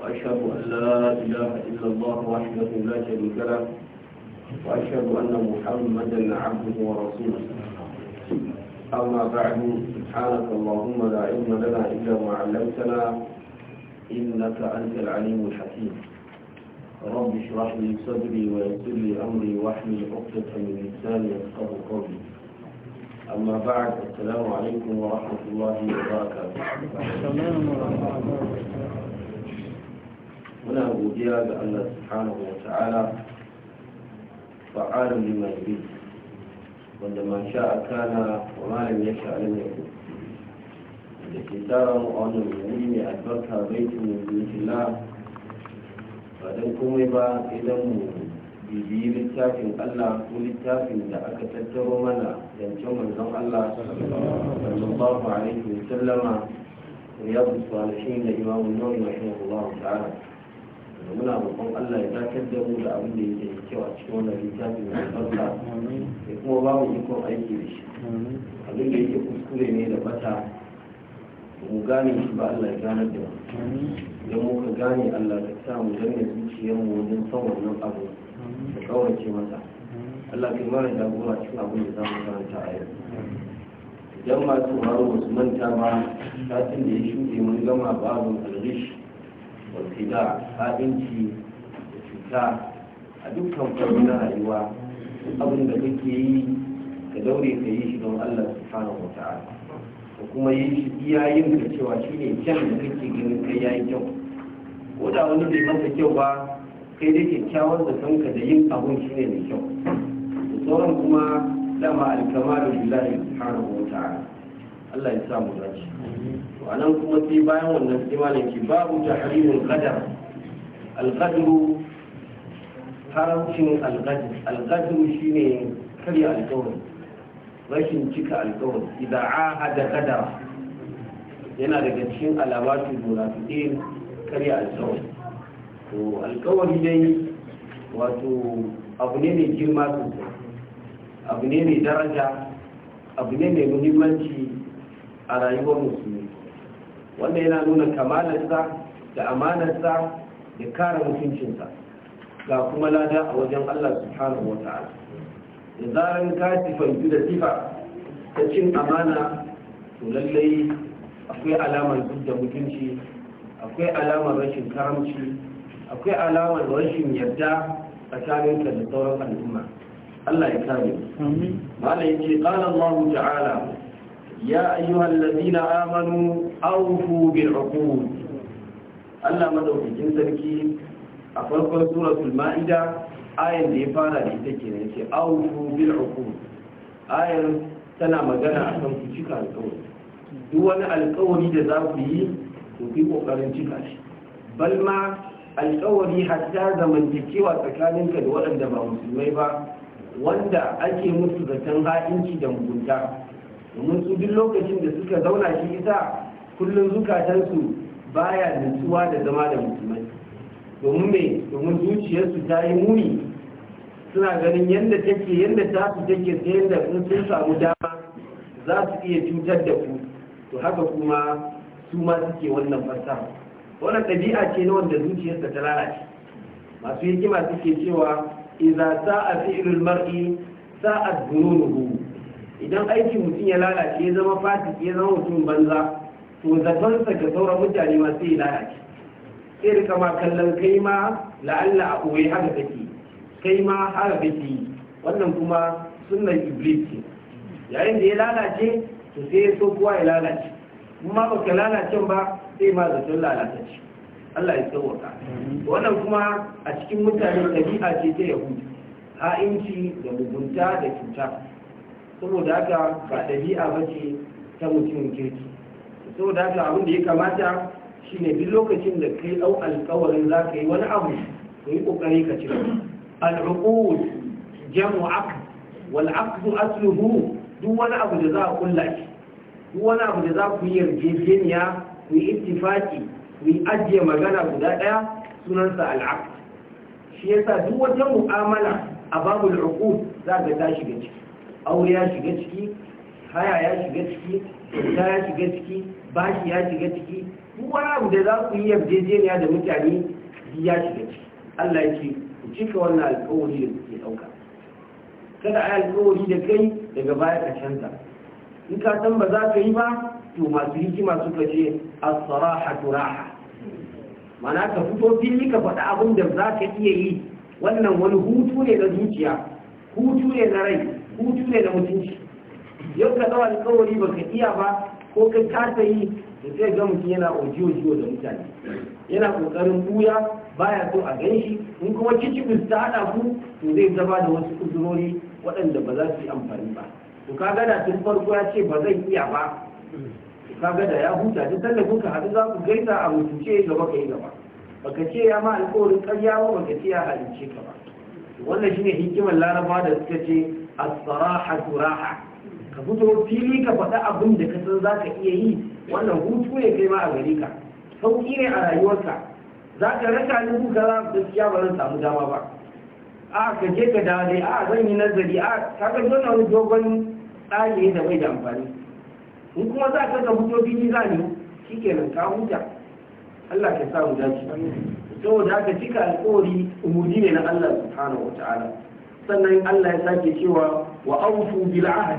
وأشهد أن لا إله إلا الله وحده لا شريك له وأشهد أن محمدا عبده ورسوله أما بعد سبحانك اللهم لا علم لنا إلا ما علمتنا إنك أنت العليم الحكيم رب اشرح لي صدري ويسر لي أمري واحمل عقدة من لساني يفقه قولي أما بعد السلام عليكم ورحمة الله وبركاته. السلام ورحمة الله وبركاته. muna godiya ga Allah subhanahu wa ta'ala fa'alun lima yurid wanda ma sha'a kana wa ya sha yasha da ke tara mu a wannan wuri mai albarka baitin ba dan komai ba idan mu bibiyi littafin Allah ko littafin da aka tattaro mana zancen manzon Allah sallallahu alaihi wa sallama riyadu salihin da imamu nawawi rahimahullahu ta'ala da muna roƙon Allah ya dakar da mu da abin da yake da kyau a cikin wannan littafi mai ba ya kuma ba mu ikon aiki da shi abin da yake kuskure ne da bata mu gane shi ba Allah ya gane da mu idan ka gane Allah ka sa mu zuciyar mu wajen san wannan abu da kawance masa Allah kai mara jagora cikin abin da za mu karanta a yau idan masu haro su manta ba satin da ya shuɗe mun gama babu alrish walfida ha'inci da cuta a dukkan farko na rayuwa abin da kake yi ka daure ka yi shi don allah subhanahu wa ta'ala ka kuma yi shi yin ka cewa shi ne kyan da kake ganin kai ya yi kyau ko da wani bai masa kyau ba kai da kyakkyawar da kanka da yin abun shi ne mai kyau da sauran kuma dama alkamalu lillahi subhanahu wa ta'ala allah ya sa mu dace anan kuma sai bayan wannan sai malam ki babu tahrimul qadar al qadr haramcin al-qadr al qadr shine karya alƙawari rashin cika alƙawari idza ahada qadar yana daga cikin alamatu kariya karya alƙawari to alƙawari dai wato abu ne mai girma sosai abu ne mai daraja abu ne mai muhimmanci a rayuwar musulmi wanda yana nuna kamalarsa da amanarsa da kare mutuncinsa ga kuma lada a wajen Allah subhanahu wa ta'ala da zarar ka tifantu da sifa ta cin amana to lallai akwai alamar duk da mutunci akwai alamar rashin karamci akwai alamar rashin yarda tsakaninka da sauran al'umma Allah ya kare mu mala yace qala Allahu ta'ala يا أيها الذين آمنوا أوفوا بالعقود الله مدعو في جنس الكيب أفرق سورة المائدة آية اللي فانا لتكين يتي أوفوا بالعقود آية سنة مجانا أحسن في شكا القول دون القول جزاء فيه وفي قرن شكا بل ما القول حتى زمن تكيوى تكالنك الولد ما مسلمي با wanda ake musu zaton ha'inci da mugunta domin su duk lokacin da suka zauna shi isa kullum zukatansu baya nutsuwa da zama da musulmai domin mai domin zuciyarsu ta yi muni suna ganin yadda take yadda ta su take ta yadda sun samu dama za su iya cutar da ku to haka kuma su ma suke wannan fasa wannan ɗabi'a ce na wanda zuciyarsa ta lalace masu hikima suke cewa idza sa'a fi'lul mar'i sa'at dhununuhu idan aiki mutum ya lalace ya zama fasik ya zama mutum banza to zaton sa ga sauran mutane ma sai lalace sai rika ma kallon kai ma la'alla a koyi haka kake kai ma haka kake yi wannan kuma sunan iblis ce yayin da ya lalace to sai ya so kowa ya lalace kuma baka lalace ba sai ma zaton lalace Allah ya tsawaka wannan kuma a cikin mutane ɗabi'a ce ta yahudi ha'inci da mugunta da cuta saboda haka ba ɗabi'a ba ce ta mutumin kirki saboda haka abin da ya kamata shi ne bi lokacin da kai ɗau alkawarin za ka yi wani abu ka yi ƙoƙari ka cika al'uqud jamu aka wal asluhu duk wani abu da za a kulla shi duk wani abu da za ku yi yarjejeniya ku yi ittifaki ku yi ajiye magana guda ɗaya sunansa al'aqd shi yasa duk wata mu'amala a babu uqud za ka tashi ga ciki aure ya shiga ciki haya ya shiga ciki ta ya shiga ciki bashi ya shiga ciki wani abu da za ku yi yarjejeniya da mutane ya shiga ciki Allah ya ce ku cika wannan alkawari da kuke ɗauka kada a yi alkawari da kai daga baya ka canza in ka san ba za ka yi ba to masu hikima suka ce as-saraha turaha mana ka fito fili ka faɗi abin da za ka iya yi wannan wani hutu ne na zuciya hutu ne na rai hutu ne da mutunci yau ka ɗau alkawari ba ka iya ba ko ka kasa yi da zai ga mutum yana ojiyo jiyo da mutane yana kokarin buya baya so a gan shi in kuma kicibis ta haɗa ku to zai zaba da wasu kudurori waɗanda ba za su yi amfani ba to ka gada tun farko ya ce ba zan iya ba ka gada ya huta duk sanda kuka haɗu za ku gaisa a mutunce gaba ka yi gaba baka ce ya ma alƙawarin ƙarya ba baka ce ya halince ka ba wannan shine hikimar laraba da suka ce الصراحه راحه raha ka fito fili ka faɗa abin da ka san za iya yi wannan hutu ne kai ma a gari ka Sauki ne a rayuwarka za ka raka ni kuka za gaskiya ba zan samu dama ba a ka je ka dawo dai a zan yi nazari a ka ga wannan dogon tsari da bai da amfani in kuma za ka ka fito fili za ne shikenan ka huta Allah ka sa mu dace saboda ka cika alƙawari umudi ne na Allah subhanahu wataala sannan Allah ya sake cewa wa aufu bil ahd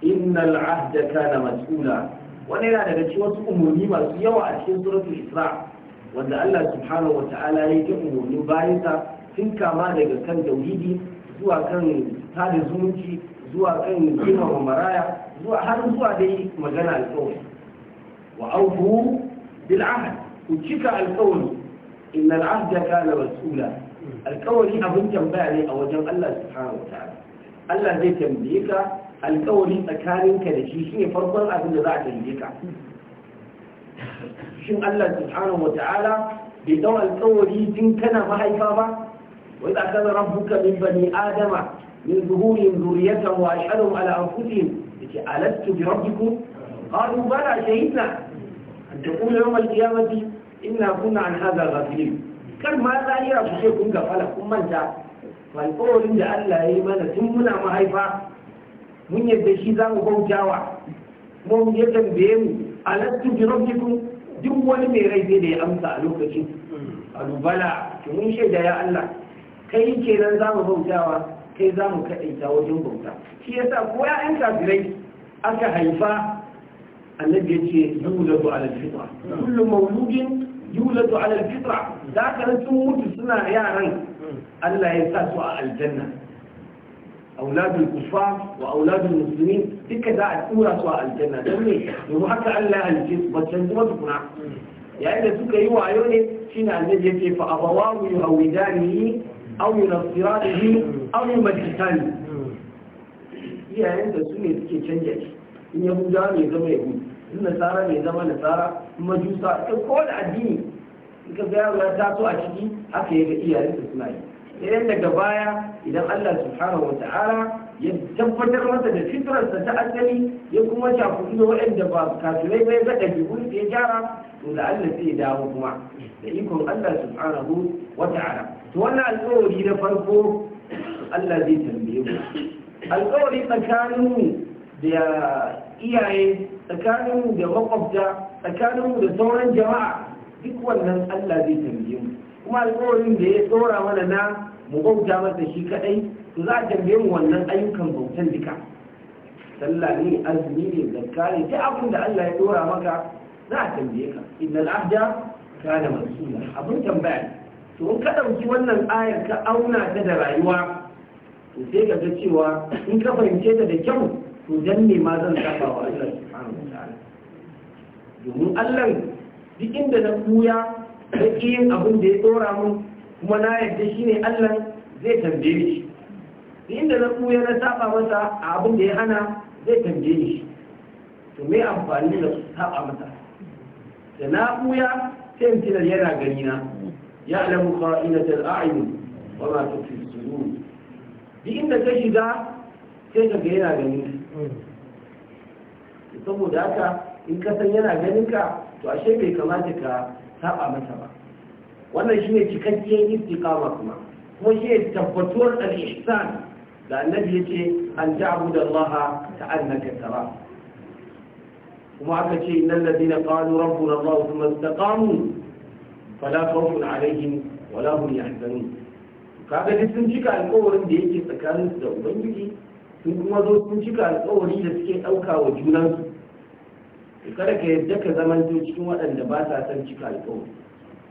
innal ahda kana mas'ula wannan yana daga cikin wasu umarni masu yawa a cikin suratul isra wanda Allah subhanahu wata'ala ta'ala ya yi umarni bayan ta tun kama daga kan tauhidi zuwa kan tada zumunci zuwa kan girmama maraya zuwa har zuwa dai magana alƙawari wa awfu bil ahd ku cika alƙawari innal ahda kana mas'ula alkawari abin tambaya ne a wajen Allah subhanahu wataala Allah zai tambaye ka alkawari tsakaninka da shi shine farkon abin da za a tambaye ka shin Allah subhanahu wataala bai dau alkawari tun kana mahaifa ba Wai idza kana rabbuka min bani adama min zuhurin zuriyatan wa ashhadum ala anfusihim yace alastu bi rabbikum qalu bala shahidna an taqulu yawm al-qiyamati inna kunna an hadha ghafilin kar ma tsariya ku ce kun gafala kun manta alƙawarin da Allah ya yi mana tun muna mahaifa mun yadda shi za mu bautawa kuma mun mu tambaye mu alastu bi rabbikum duk wani mai rai sai da ya amsa a lokacin alubala to mun shaida ya Allah kai kenan za mu bautawa kai za mu kaɗaita wajen bauta shi yasa ko ya'yan kafirai aka haifa annabi ya ce yulabu ala fitra kullu mawludin yulatu ala alfitra da ka sun mutu suna yaran Allah ya sa su a aljanna auladul kufa wa auladul muslimin duka za a tura su a aljanna don ne domin haka Allah ya halice su baccan kuma tukuna yayin da suka yi wayo ne shine annabi yake fa abawahu yuhawidani aw yunasirani aw yumajjisani iyayen da su ne suke canja shi in yahudawa ne zama yahudi in nasara mai zama nasara majusa in ko da addini in ka yaro ya taso a ciki haka yaga ga iyayensa suna yi idan daga baya idan Allah subhanahu wa ta'ala ya tabbatar masa da fitrarsa ta asali ya kuma shafi da waɗanda ba kafirai bai ga ɗabi'un ya gyara to da Allah sai ya dawo kuma da ikon Allah subhanahu wa ta'ala to wannan alƙawari na farko Allah zai tambaye mu alƙawari tsakanin da iyaye tsakaninmu da makwabta tsakaninmu da sauran jama'a duk wannan Allah zai tambaye mu kuma alƙawarin da ya tsora mana na mu bauta masa shi kadai to za a tambaye mu wannan ayyukan bautan duka sallah ne azumi ne zakka ne duk abin da Allah ya tsora maka za a tambaye ka innal ahda kana mas'ula abin tambaya to in ka dauki wannan ayar ka auna ta da rayuwa to sai ka ga cewa in ka fahimce ta da kyau to dan ne ma zan saba wa Allah domin allah duk inda na kuya na yin abin da ya tsora mun kuma na yadda shi ne allah zai tambaye shi duk inda na kuya na saba masa a abin da ya hana zai tambaye shi to me amfani da saba masa da na kuya sai mutunar yana gani na ya alamu kha'inatul a'yun wa ma tufi sudur duk inda ka shiga sai ka ga yana gani saboda haka in kasan yana ganin ka to ashe bai kamata ka saba masa ba wannan shine cikakken istiqama kuma kuma shi ne tabbatuwar al-ihsan da annabi yace an ta'budu Allah ka annaka tara kuma aka ce innal ladina qalu rabbuna Allah thumma istaqamu fala khawfun alaihim wala hum yahzanun kaga duk sun cika alƙawarin da yake tsakaninsu da ubangiji sun kuma zo sun cika alƙawari da suke ɗauka wa junansu kada ka yadda ka zamanto cikin waɗanda ba sa son cika alƙawari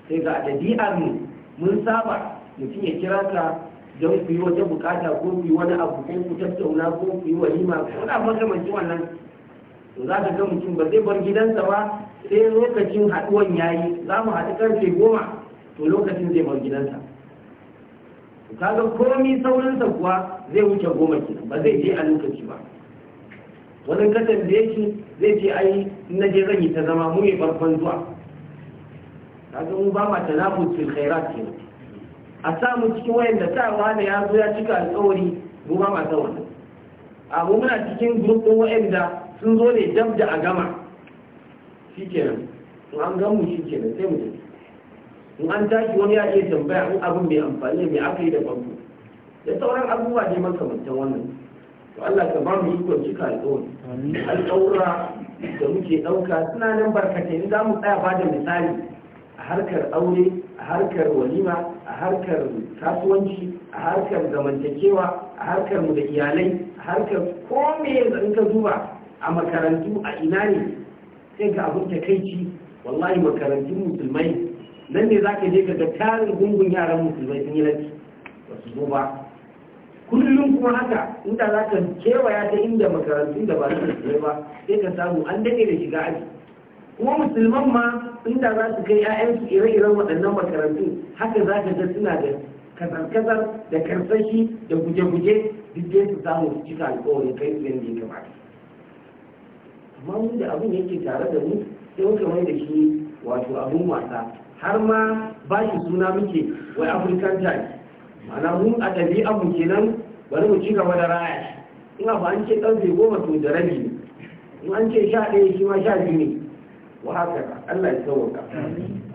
sai ga ɗabi'ar mu mun saba mutum ya kira ka don ku yi wata bukata ko ku yi wani abu ko ku tattauna ko ku yi walima ko na makamancin wannan to za ka ga mutum ba zai bar gidansa ba sai lokacin haɗuwan ya yi za mu haɗu karfe goma to lokacin zai bar gidansa kaga komi saurinsa kuwa zai wuce goma kenan ba zai je a lokaci ba wani katon da yake zai ce ai na je zan yi ta zama mu yi farkon zuwa kaga mu ba ma na fil khairat ke a samu cikin wayanda tawa da ya zo ya cika alƙawari mu ba ma ta wani a muna cikin gurbin wayanda sun zo ne dab da a gama Shi shikenan in an gamu kenan sai mu tafi in an tashi wani ya iya tambaya in abin mai amfani mai aka yi da farko da sauran abubuwa ne makamantan wannan Allah ka ba mu ikon cika alƙawari alƙawura da muke ɗauka suna nan barkatai za mu tsaya ba da misali a harkar aure a harkar walima a harkar kasuwanci a harkar zamantakewa a harkar mu da iyalai a harkar kome in ka duba a makarantu a ina ne sai ga abin takaici wallahi makarantun musulmai nan ne za ka je ka ga tarin gungun yaran musulmai sun yi laifi ba su ba kullum kuma haka inda za ka kewaya ta inda makarantu da ba su da ba sai ka samu an daɗe da shiga aji kuma musulman ma inda za su kai 'ya'yansu ire-iren waɗannan makarantu haka za ka ga suna da kazar-kazar da karsashi da guje-guje duk dai su samu su cika alkawarin kai su yadda ya kamata amma mun da abin yake tare da mu sai muka mai da shi wato abin wasa har ma ba shi suna muke wai african time ma'ana mun a ɗabi'an mu kenan bari mu ci gaba da raya shi in ba an ce ƙarfe goma to da rabi ne in an ce sha ɗaya shi ma sha biyu ne wa haka Allah ya sauwaka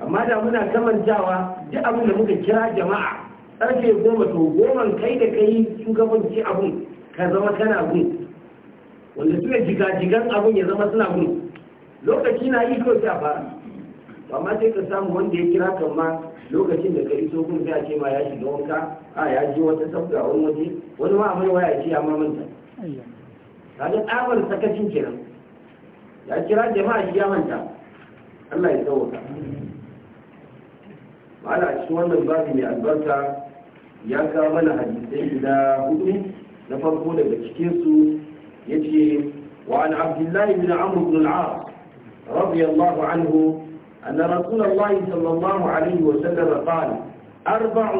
amma da muna kamantawa duk abin da muka kira jama'a ƙarfe goma to goma kai da kai shugabanci abun ka zama kana gun wanda suka jigajigan abun ya zama suna gun lokaci na yi kawai ta fara amma sai ka samu wanda ya kira kan ma lokacin da ka iso kun sai a ce ma ya shiga wanka a ya ji wata a wani waje wani ma amai waya ce amma manta kaga tsabar sakacin kenan ya kira jama'a shi ya manta Allah ya tsawata ma'ana a cikin wannan babu mai albarka ya kawo mana hadisai guda hudu na farko daga cikinsu ya ce وعن عبد الله بن عمرو بن العاص رضي الله عنه أن رسول الله صلى الله عليه وسلم قال أربع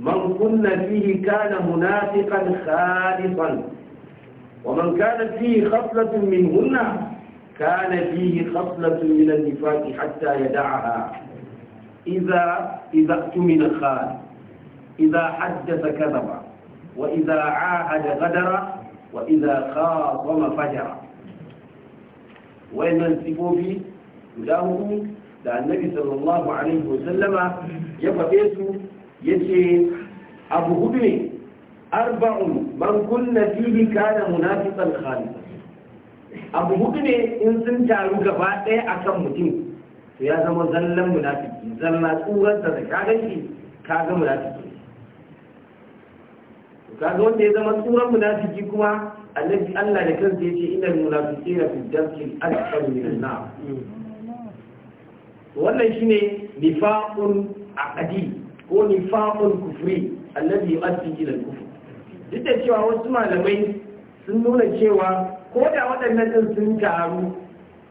من كن فيه كان منافقا خالصا ومن كانت فيه خصلة منهن كان فيه خصلة من النفاق حتى يدعها إذا إذا اؤتمن خان إذا حدث كذب وإذا عاهد غدر وإذا خاصم فجر وإن السفوفي يداهم لأن النبي صلى الله عليه وسلم يفقيسوا yace abu hudu ne arba'un man kunna fihi kana munafiqan khalis abu hudu ne in sun taru gaba daya akan mutum to ya zama zallan munafiki zalla tsuran da ka ganki ka ga munafiki ka ga wanda ya zama tsuran munafiki kuma annabi Allah da kansa yace innal munafiqina fi dafkil asfal min an-nar wannan shine nifaqun aqdi ko nifaqul kufri alladhi yu'addi ila al-kufr duk da cewa wasu malamai sun nuna cewa ko da waɗannan din sun taru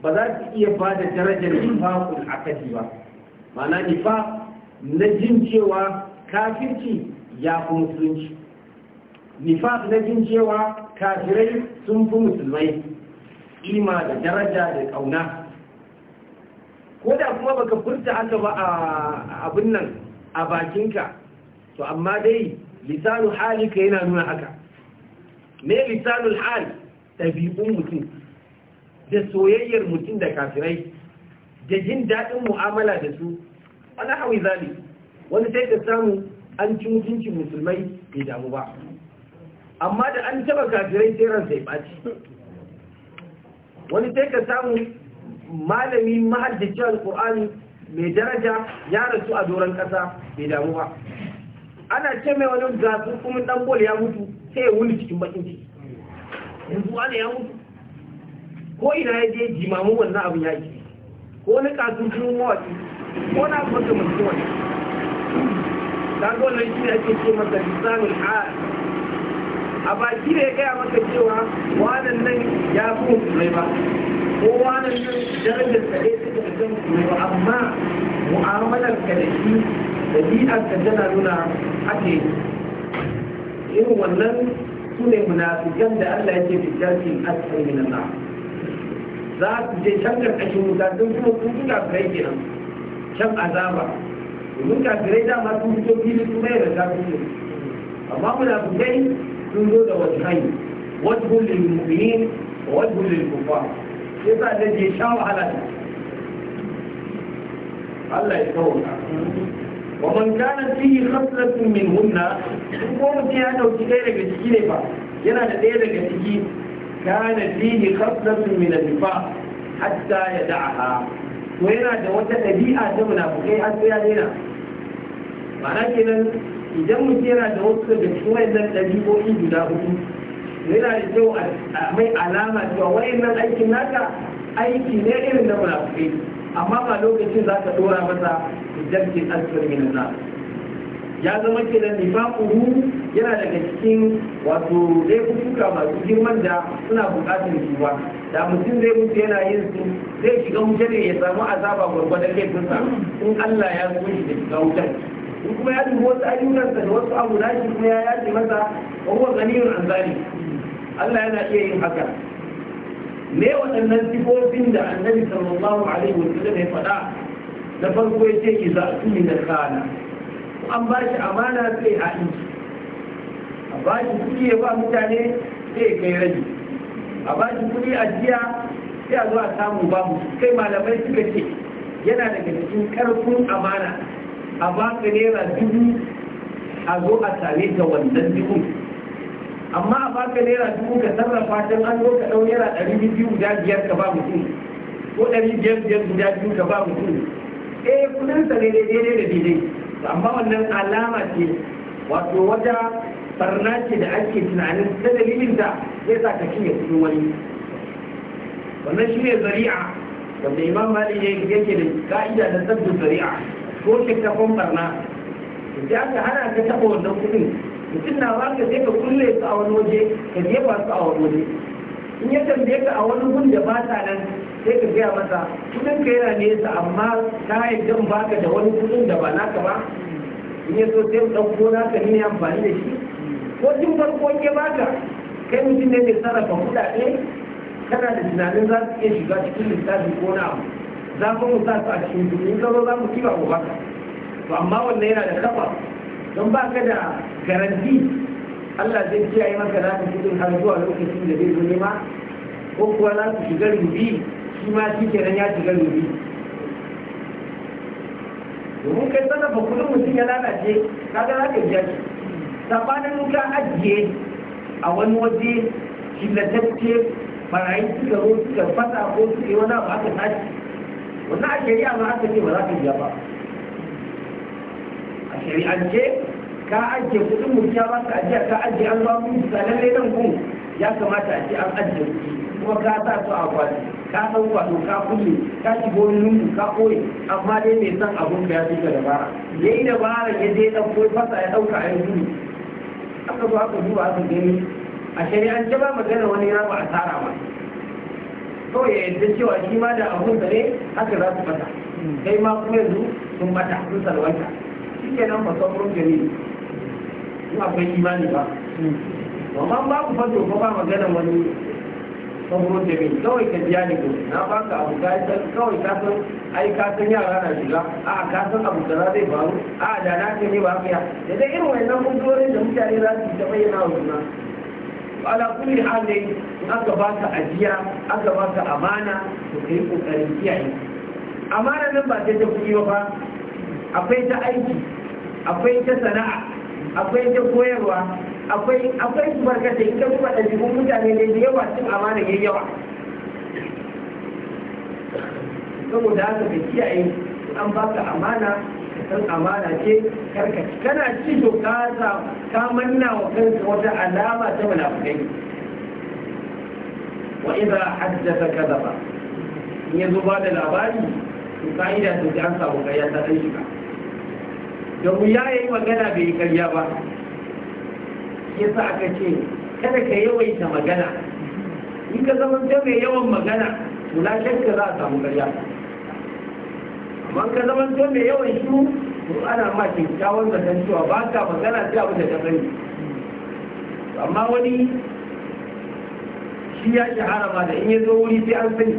ba za su iya ba da darajar nifaqul akadi ba ma'ana nifa na jin cewa kafirci ya fi musulunci nifa na jin cewa kafirai sun fi musulmai ima da daraja da kauna ko da kuma baka furta haka ba a abin nan a bakinka to amma dai lisanu hali ka yana nuna haka me lisanul hal ɗabi'un mutum da soyayyar mutum da kafirai da jin daɗin mu'amala da su wani hawi zali wani sai ka samu an ci mutuncin musulmai bai damu ba amma da an taba kafirai sai ran sai ɓaci wani sai ka samu malami mahaddacin alƙur'ani mai daraja ya rasu a doron ƙasa mai damuwa ana ce mai wani gasu kuma ɗan bol ya mutu sai ya wuni cikin bakin ciki yanzu wani ya mutu ko ina ya je jimamu wannan abin ya ke ko wani kasu cikin mawaki ko na abu mai mutum wani ta ga wannan shi da ake ce masa lisanin a a baki da ya gaya maka cewa wannan nan ya fi mai ba kowa nan darajar da ya suka da kan kuma amma mu'amalar ka da shi ɗabi'ar ka tana nuna ake irin wannan su ne munafikan da Allah yake fitarci a cikin Allah za su je can karkashin wuta don kuma su suna kai kenan can azaba domin kafirai dama sun fito fili su mai da su ne amma munafikai sun zo da wasu hanyar wasu hulun mu'minin wa wasu hulun kufa ya sa da ke sha wahala ne Allah ya kawo wa man kana fihi khaslatun min hunna ko mutum ya dauki ɗaya daga ciki ne ba yana da ɗaya daga ciki kana fihi khaslatun min al-nifa hatta ko yana da wata ɗabi'a ta munafikai har sai ya daina ma'ana kenan idan mutum yana da wasu daga cikin wayannan ɗabi'o'i guda hudu yana da kyau a mai alama cewa nan aikin naka aiki ne irin na munafukai amma ba lokacin za ka dora masa ke asfar min na ya zama ke da nifaquhu yana daga cikin wato laifuka masu girman da suna buƙatar tuba da mutum zai mutu yana yin su zai shiga wuce ne ya samu azaba gwargwadon laifinsa in Allah ya so shi da shiga wutar in kuma ya dubi wasu ayyukansa da wasu abu nashi kuma ya yaki masa wa huwa an Allah yana iya yin haka me waɗannan sifofin da annabi sallallahu alaihi wa sallam ya faɗa na farko ya ce ki za a tuni da kana an ba shi amana sai a inci a ba shi kuɗi ya ba mutane sai kai rabi a ba shi kuɗi a jiya sai a zo a samu babu kai malamai suka ce yana daga cikin karfin amana a baka naira dubu a zo a same ta wannan dubu amma a baka naira dubu ka sarrafa ta an zo ka ɗau naira ɗari biyu guda biyar ka ba mutum ko ɗari biyar biyar guda biyu ka ba mutum eh kudin sa daidai daidai da daidai amma wannan alama ce wato wata farna ce da ake tunanin ta dalilin ta zai sa ka cinye kudin wani wannan shi ne zari'a wanda imam mali yake da ka'ida da sabbin zari'a ko cikakken barna da aka hana ka taɓa wannan kuɗin mutum na ba ka ka kulle su a wani waje ka jefa su a wani waje in ya tambaye ka a wani gun da ba ta nan sai ka gaya masa kuɗin ka yana nesa amma ka yadda ba ka da wani kuɗin da ba naka ba in ya so sai ɗauko naka ne amfani da shi ko tun farko ke baka kai mutum ne mai sarrafa kuɗaɗe kana da tunanin za su iya shiga cikin lissafi ko na za ku musa su a cikin jini in zo za mu wa ko ka, to amma wannan yana da kafa don ba ka da garanti Allah zai yi maka za ka cikin har zuwa lokacin da zai zo nema ko kuwa za su shiga rubi shi ma shi kenan ya shiga rubi domin kai sarrafa kudin mutum ya lalace kaga za ka biya shi sabanin ka ajiye a wani waje killatacce barayi suka zo suka fasa ko suka yi wani abu aka tashi wannan a shari'a ma aka ce ba za ka biya ba a shari'ance ka ajiye kuɗin mu ba ka ajiya ka ajiye an ba mu misalan nan kun ya kamata a ce an ajiye kuɗi kuma ka sa su a kwali ka san kwado ka kulle ka shigo lungu ka koyi amma dai mai san abun ka ya fi ka dabara ya yi dabara ya je ɗan koyi fasa ya ɗauka a yanzu aka zo aka duba aka gani a shari'ance ba magana wani ya ba a tara ba kawai ya yadda cewa shi ma da abun da ne haka za su fata hmm. kai ma kuma yanzu sun mata sun salwanta shi ke nan ba sauran gari in akwai imani ba hmm. amma babu fato ko ba magana wani sauran gari kawai ka biya ne na ba ka abu ka yi kawai ka san ai ka san yara na shiga a ka san abu da zai faru a da na ce ne ba ka ya da irin wannan mutuwarin da mutane za su ta bayyana wa juna ala kulli halin ne in aka baka ajiya aka baka amana to kai kokarin kiyaye amana nan ba sai ta kuɗi ba akwai ta aiki akwai ta sana'a akwai ta koyarwa akwai akwai In ita kuma da jikin mutane ne da yawa cin amana ya yawa saboda haka ka kiyaye an baka amana ka san amana ce karka kana ci to ka ka manna wa kanka wata alama ta munafikai wa idza haddatha kadaba in yazo ba da labari to kaida to an samu kariya ta dan shiga da ya yi magana bai yi kariya ba yasa aka ce kada ka yawaita magana in ka zama mai yawan magana to la ka za a samu kariya ban ka zaman to mai yawan shu ko ana ma kyakkyawan zaton cewa ba ka magana ta abin da ka sani amma wani shi ya shahara ma da in ya zo wuri sai an sani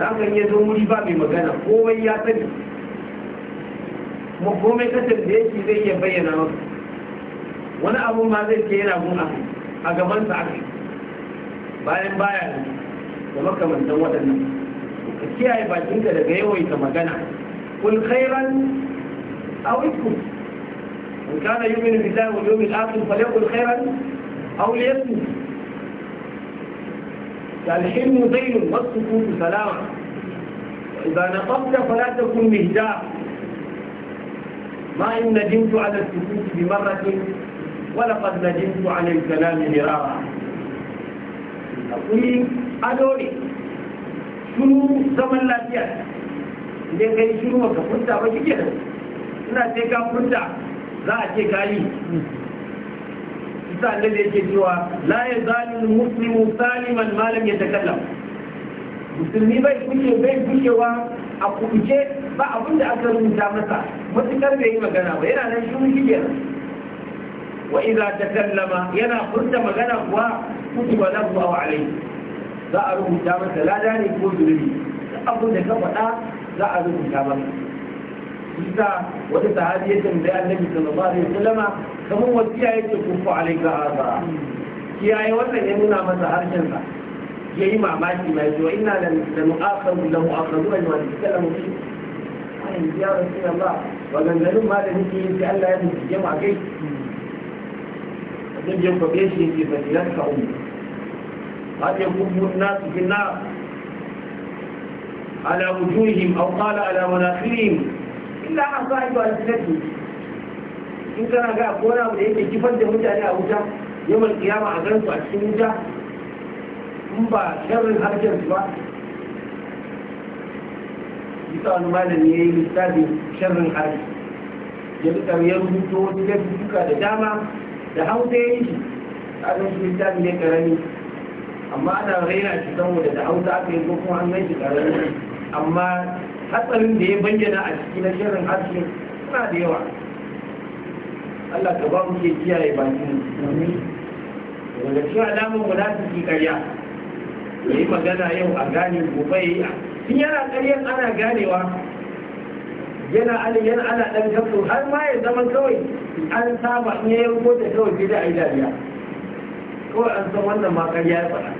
da kan ya zo wuri ba mai magana komai ya sani kuma komai kasar da yake zai iya bayyana masa wani abun ma zai ce yana gun a gabansa aka bayan baya da makamantan waɗannan kiyaye bakinka daga yawaita magana kul khairan aw ikum in kana yu'minu billahi wal yawmil akhir falyaqul khairan aw liyasmut فالحلم دين والسكوت سلام وإذا نطقت فلا تكن مهجاء ما إن ندمت على السكوت بمرة ولقد ندمت على الكلام مرارا أقول أدوري shuru zaman lafiya idan ka yi shuru ka furta ba kike nan ina sai ka furta za a ce kayi isa da yake cewa la ya zalil muslimu saliman malam ya takallam musulmi bai kuke bai kukewa a kuke ba abin da aka rubuta masa matukar bai yi magana ba yana nan shuru shi kenan وإذا تكلم ينا قلت مغنى هو كتب له أو عليه za a rubuta masa lada ne ko zunubi abin da ka faɗa za a rubuta masa isa wani sahabi ya tambaya annabi sallallahu alaihi wasallama kamar wasiya yake kufu alaika azara kiyaye wannan ya nuna masa harshen sa ya yi mamaki mai zuwa ina da nu'akan lahu a kazuwa ne wanda suka lamu shi ayin ya rasu da ba maganganun ma da nake yin sai Allah ya bincike ma kai zai je kwabe shi ke fasilar ka umu قد يكون الناس في النار على وجوههم او قال على مناخرهم الا عن صاحب السنتهم in kana ga kona da yake kifar da mutane a wuta yau mai kiyama a gansu a cikin wuta in ba shirin harshen su ba bisa wani malami ya yi misali shirin harshe ya bi karyar hutu wasu da dama da hausa ya yi shi a ganin shi misali ya karami amma ana raina shi saboda da hausa aka yi kuma an mai shi ƙarami amma hatsarin da ya bayyana a ciki na shirin harshe suna da yawa Allah ka ba mu ke kiyaye baki daga cikin alamun mu za su ki karya ya yi magana yau a gane gobe ya yi tun yana karyar ana ganewa yana alin yana ana ɗan kafto har ma ya zama kawai an saba in ya yanko da kawai gida a yi dariya kawai an san wannan ma karya ya faɗa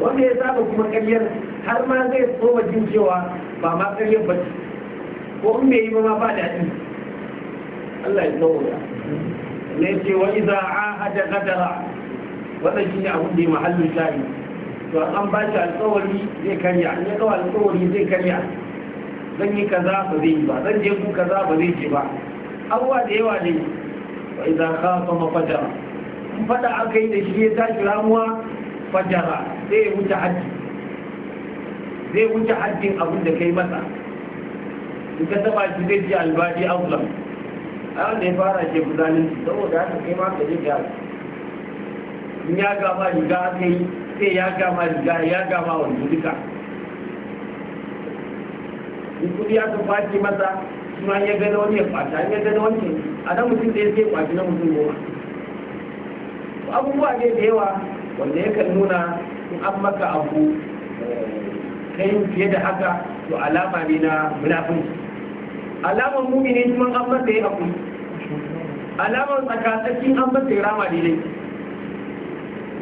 wanda ya saba kuma karyar har ma zai tsoma jin cewa ba ma karyar ba ce ko in bai yi ba ma ba daɗi Allah ya ya ne ce wa iza gadara wanda shi shine abu da ya mahallu shari to an ba shi alkawari zai karya an yi kawo alkawari zai karya zan yi kaza ba zai yi ba zan je ku kaza ba zai ce ba abubuwa da yawa ne wa iza khafa mafajara in fada aka yi da shi ya tashi ramuwa fajara sai ya wuce hajji zai wuce hajjin abin da kai masa in ka taba shi zai ji albadi azlam a wanda ya fara shi ku su saboda haka kai ma ka ji ga in ya gama riga aka yi sai ya gama riga ya gama wani duka in kudi aka kwace masa suna ya gani wani ya fata ya gani wani a nan mutum da ya sai kwaci na mutum goma abubuwa ne da yawa wanda kan nuna in an maka abu kai fiye da haka to alama ne na Alama alamar mumini kuma an masa ya abu alamar tsakatsakin an masa ya rama ne dai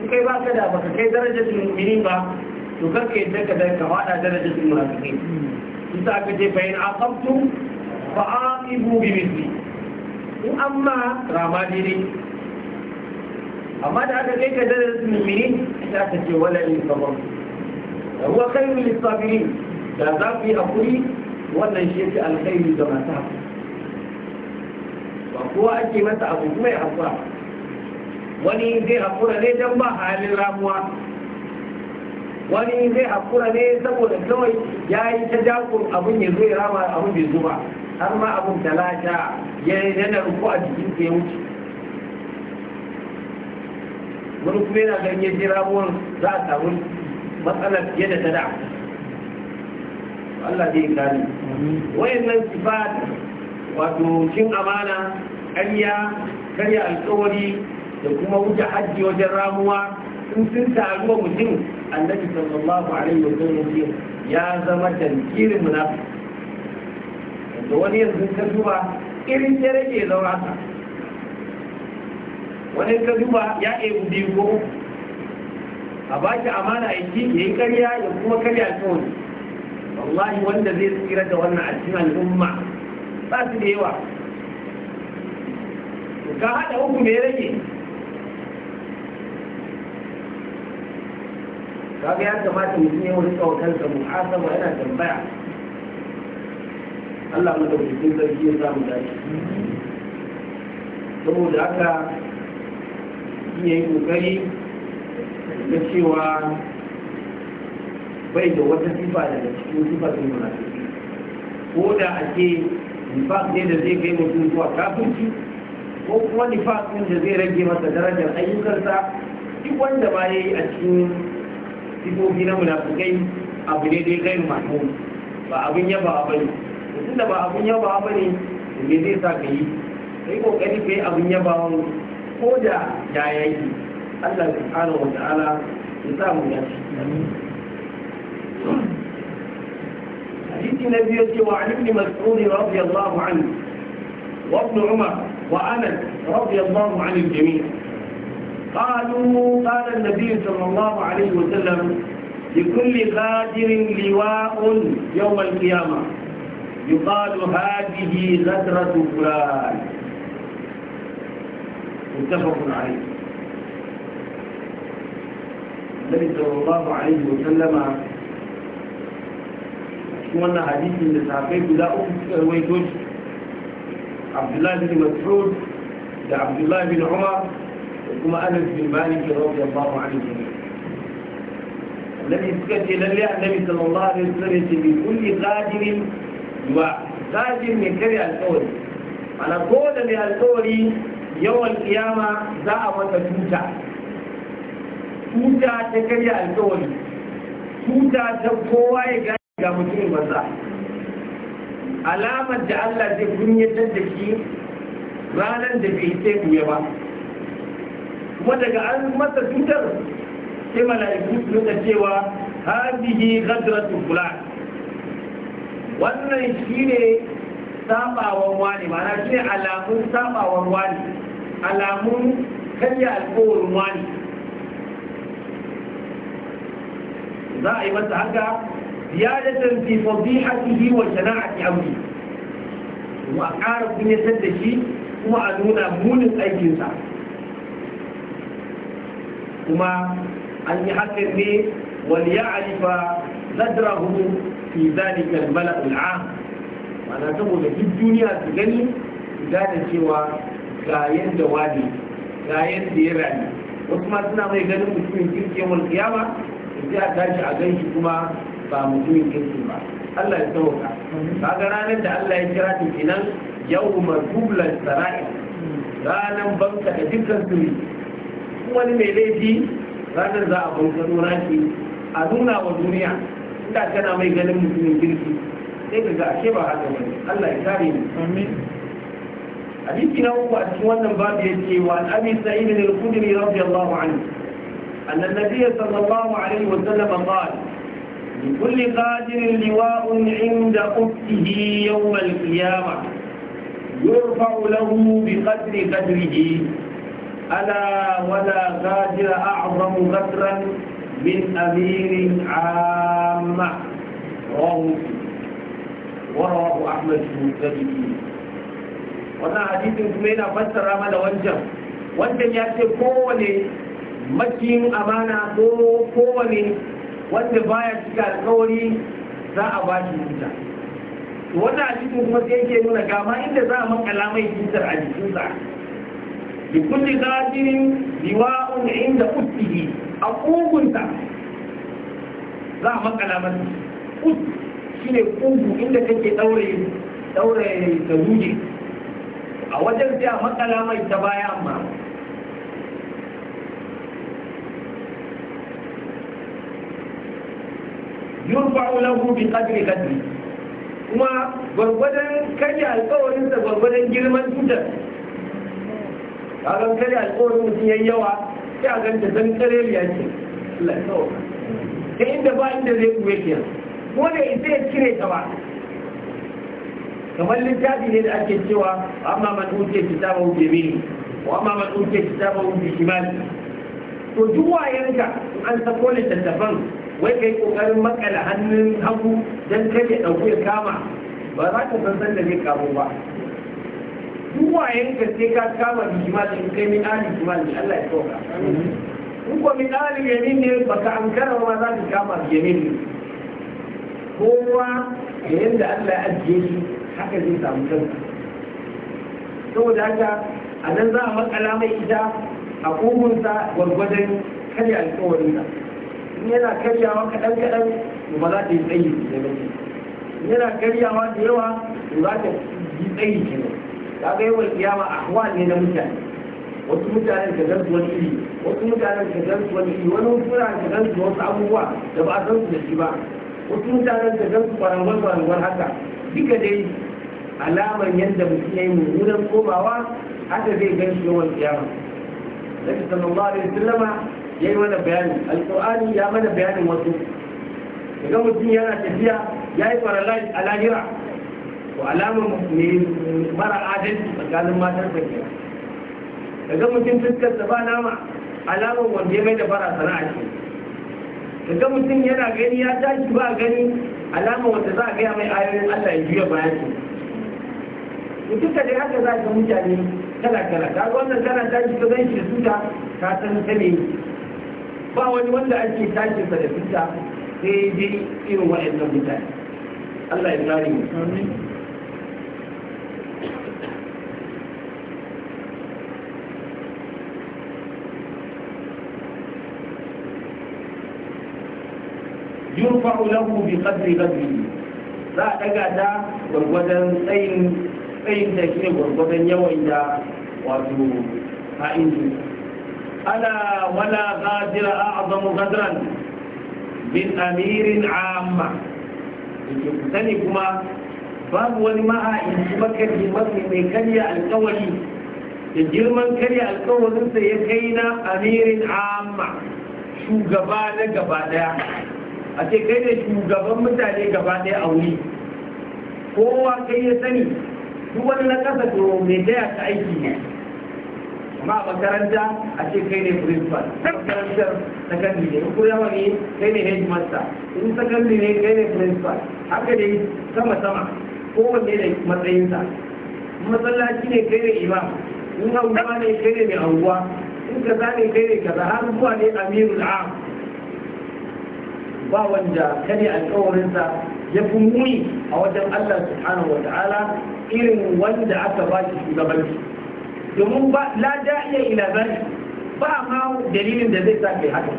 in kai ba ka da baka kai darajar mumini ba to karka yadda ka da ka fada darajar munafiki isa aka ce bayan a aqabtum ba aqibu bi mithli in ma rama ne amma da aka kai ka da su mummini sai aka ce wala da ruwa kai khairu lisabirin da za ku yi hakuri wannan shi yake alkhairi ga masu ba kowa ake masa abu kuma ya hakura wani zai hakura ne don ba halin ramuwa wani zai hakura ne saboda kawai ya yi ta jakun abin ya zo ya rama abin bai zuba har ma abin talata ya yana rufu a jikin ya wuce wani kuma yana ganye ya jira za a samu matsalar fiye da tada Allah zai kare wayannan sifat wato cin amana ƙarya karya alƙawari da kuma wuce hajji wajen ramuwa in sun taru wa mutum annabi sallallahu alaihi wa sallam ya zama tankirin munafiki da wani yanzu ta duba irin ya rage zaura wani ka duba ya ɗebi biyu ko a ba shi amana a yi ya yi karya ya kuma karya ta wani wallahi wanda zai tsira da wannan a cikin al'umma ba su da yawa ka haɗa uku mai rage kaga ya kamata mutum ya wani kawakansa muhasaba yana tambaya Allah madaukakin sarki ya samu dace saboda haka iya yi kokari da cewa bai da wata sifa daga cikin sifafin munafiki ko da a ce nifaq ne da zai kai mutum zuwa kafinci ko kuma nifaq ne da zai rage masa darajar ayyukansa duk wanda ba ya yi a cikin sifofi na munafikai abu ne dai kai mahmud ba abin yaba ba ne mutum da ba abin yaba ba ne da zai sa ka yi kai kokari kai abin yaba ko da ya yayi Allah subhanahu wa ta'ala ya sa mu ya ci hadisi na biyu ce wa ibn mas'ud radiyallahu anhu wa ibn umar wa anas radiyallahu anhu jami' قالوا قال النبي صلى الله عليه وسلم لكل غادر لواء يوم القيامة يقال هذه غدرة فلان متفق عليه النبي صلى الله عليه وسلم وانا حديث من التعبير لا ويجوز عبد الله بن مسعود لعبد الله بن عمر ثم انس بن مالك رضي الله عنه الذي سكت الى النبي صلى الله عليه وسلم بكل غادر وغادر من كره الاول على طول من الاول yawan kiyama za a masa tuta tuta ta karya alkawari tuta ta kowa ya gani ga mutumin maza alamar da Allah zai kunyatar da shi ranar da bai sai kuya ba kuma daga an masa tutar sai mala'iku su nuna cewa hadihi ghadratul fulan wannan shine sabawan wani mana shine alamun sabawan wani alamun karya alkawarin wani za a yi masa haka ziyadatan fi fadihatihi wa shana'ati amri wa ƙara kunyatar da shi kuma a nuna munin aikinsa kuma an yi hakan ne alifa ya'rifa qadrahu fi dhalika al-mala'u ana da duk duniya su gani su gane cewa ga yadda wani ga yadda ya rani wasu ma suna mai ganin mutumin kirki yawan kiyama sai a tashi a gan shi kuma ba mutumin kirki ba Allah ya Ba kaga ranar da Allah ya kira ta kenan yau mazublan sara'i ranar banka da dukkan suri wani mai laifi ranar za a banka nuna shi a nuna wa duniya inda kana mai ganin mutumin kirki sai ka ga ashe ba haka أبي سعيد ya kare mu amin hadisi أن النبي صلى الله عليه وسلم قال لكل قادر لواء عند أفته يوم القيامة يرفع له بقدر قدره ألا ولا قادر أعظم قدرا من أمير عامة رواه ورواه أحمد المسلمين wannan hadisin kuma yana fassara mana wancan wancan ya ce kowane makiyin amana ko kowane wanda baya cika alkawari za a ba shi cuta kuma sai yake nuna gama inda za a makala mai cutar a jikinsa bi kulli zafirin inda kuttihi a kugunta za a makala masa shine kungu inda kake daure daure ta a wajen sai a matsala mai ta baya amma yurfa'u lahu bi qadri qadri kuma gwargwadon karya alkawarin da gwargwadon girman cutar kagan karya alkawarin mutum yayi yawa sai a ganta zan kareliya ce Allah ya sai inda ba inda zai kuwe kiyar ko da isa ya cire ta ba kamar littafi ne da ake cewa amma man uke kitaba uke mini wa amma man uke kitaba uke shimali to duk wayanka an sako littattafan wai kai kokarin makala hannun hagu dan kai dauke ya kama ba za ka san da ne kamo ba duk wayanka sai ka kama bishimali in kai min ali Allah ya tsoka in ko min ali yamin ne baka ankara ma za ka kama yamin ne kowa da yadda Allah ya ajiye shi haka zai samu kansa saboda haka a nan za a makala mai ita a kogunsa gwargwadon karya alkawarin nan in yana karyawa kaɗan kaɗan ba za ta yi tsayi da mace yana karyawa da yawa za ta yi tsayi kenan ta ga yawan kiyama ahwal ne na mutane wasu mutanen ka zan wani iri wasu mutanen ka zan wani iri wani mutanen ka zan wasu abubuwa da ba a san su da shi ba wasu mutanen da gansu kwarangwar kwarangwar haka duka dai alamar yadda mutum ya yi mummunan komawa haka zai gan shi yawan kiyama nabi sallallahu alaihi wasallam ya yi mana bayani alqur'ani ya mana bayanin wasu daga mutum yana tafiya ya yi faralai a lahira to alamar mai mara adalci tsakanin matar da kira daga mutum fuskar ba nama alamar wanda ya mai da fara sana'a ce daga mutum yana gani ya tashi ba gani alama wata za a gaya mai ayoyin Allah ya juya ce mutum ka da haka za ka mutane kala kala ta wannan kana tashi ka ganshi da suta ka san ne ba wani wanda ake tashi sa da suta sai dai irin wa'annan mutane Allah ya tsare mu yurfa lahu bi qadri qadri za a daga ta gwargwadon tsayin da shi gwargwadon yawan da wato fa'in ana wala a a'zamu amirin amma kuma babu wani ma'a in ji makarfi mafi mai karya alkawari da girman karya alkawarinsa ya kai na amirin amma shugaba na gaba daya a ce kai ne shugaban mutane gaba ɗaya a wuri kowa kai ya sani duk wani na ƙasa to mai taya ta aiki ne amma a makaranta a ce kai ne principal makarantar sakandi ne ko yawa ne kai ne head master in sakandi ne kai ne principal haka dai sama sama kowanne da matsayinsa masallaci ne kai ne imam in anguwa ne kai ne mai anguwa in kaza ne kai ne kaza har zuwa ne amirul am ba wanda kare alkawarinsa ya fi muni a wajen Allah subhanahu wa ta'ala irin wanda aka ba shi shugabanci domin ba la da'iya ila zani ba ma dalilin da zai sa kai haka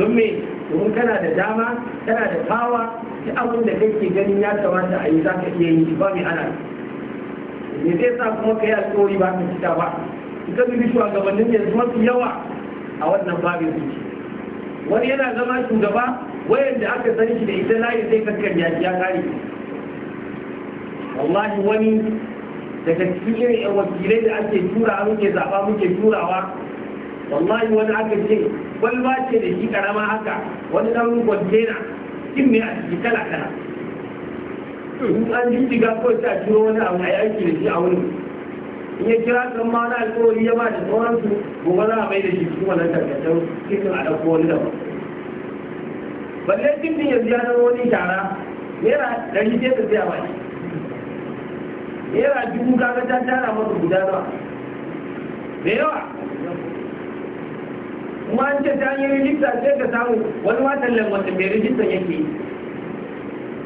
Domin domin kana da dama kana da fawa ta abin da kake ganin ya kamata a yi za ka iya yi ba mai ana me zai sa kuma kai alƙawari ba ka cika ba ka dubi gabanin yanzu mafi yawa a wannan babin su wani yana zama shugaba da aka san shi da ita layi zai kakkan ya ya kare wallahi wani daga cikin irin yan wakilai da ake tura muke zaba muke turawa wallahi wani aka ce kwalba ce da shi karama haka wani dan kwantena kin mai a ciki kala kala in an jijjiga kawai ta turo wani abu a yaki da shi a wani in ya kira kan ma na alkawari ya ba da sauransu gobe za a mai da shi cikin wannan tarkacen cikin a ɗauko wani daban balle cikin yanzu ya zama wani shara naira ɗari ce ka siya ba shi naira dubu kaga ta tara masa guda nawa da yawa kuma an ce ta yi rijista sai ka samu wani watan tallan wanda mai rijistan yake yi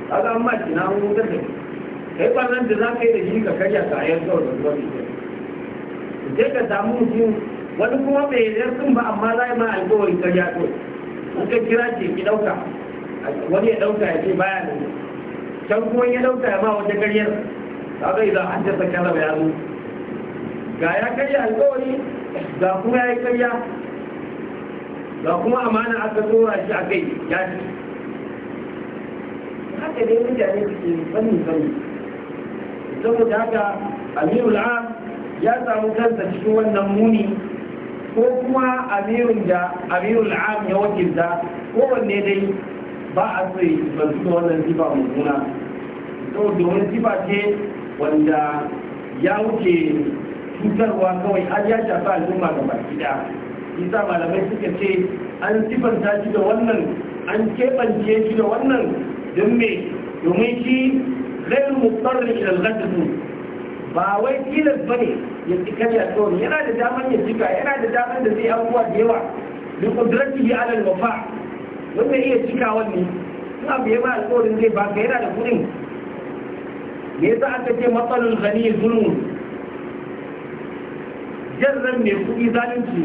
kaga an ma na hutar da kai ɓarnar da za ka yi da shi ka karya kayan kawai da zuwa mai je ka samu mutum wani kuma bai yarsun ba amma za ma alkawari ka ya to in ka kira ce ki ɗauka wani ya ɗauka ya ce baya ne can kuma ya ɗauka ya ma wata karyar kaga idan an ta saka ya zo ga ya karya alkawari ga kuma ya yi karya ga kuma amana aka tsora shi a kai ya ci haka dai mutane suke fannin fannin saboda haka amirul am ya samu kansa cikin wannan muni ko kuma amirun da amirul am ya wakilta ko wanne dai ba a so yi bantu da wannan sifa mummuna to domin sifa ce wanda ya wuce cutarwa kawai an ya shafa al'umma ga baki da isa malamai suka ce an sifanta shi da wannan an keɓance shi da wannan don me domin shi غير مضطر الى الغسل ba wai tilas ba ne ya ci karya tsoro yana da damar ya cika yana da damar da zai abubuwa da yawa bi kudratihi alal alwafa wanda iya cikawa wani suna bai ma alkawarin zai baka yana da kudin me yasa aka ce matsalul ghani zulmun jarran mai kudi zalunci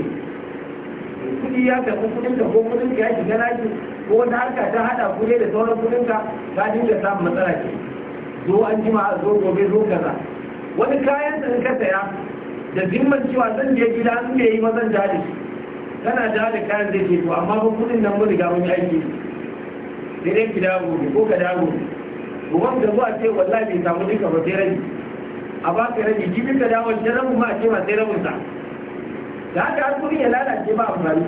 kudi ya tafi kudin ka ko kudin ka ya shiga naki ko wata harka ta hada kuɗi da sauran kudin ka ka dinga samun matsala ce zo an jima zo gobe zo kaza wani kayan da ka saya da zimman cewa zan je gida an ke yi mazan jari tana da da kayan zai ke to amma ba kudin nan mun riga mun aiki aiki sai dai ki dawo ko ka dawo ruwan da zuwa ce wallahi bai samu duka ba sai rabi a baka rabi bi ka dawo ran mu ma a ce ma sai rabin sa da haka an kudin ya lalace ba amfani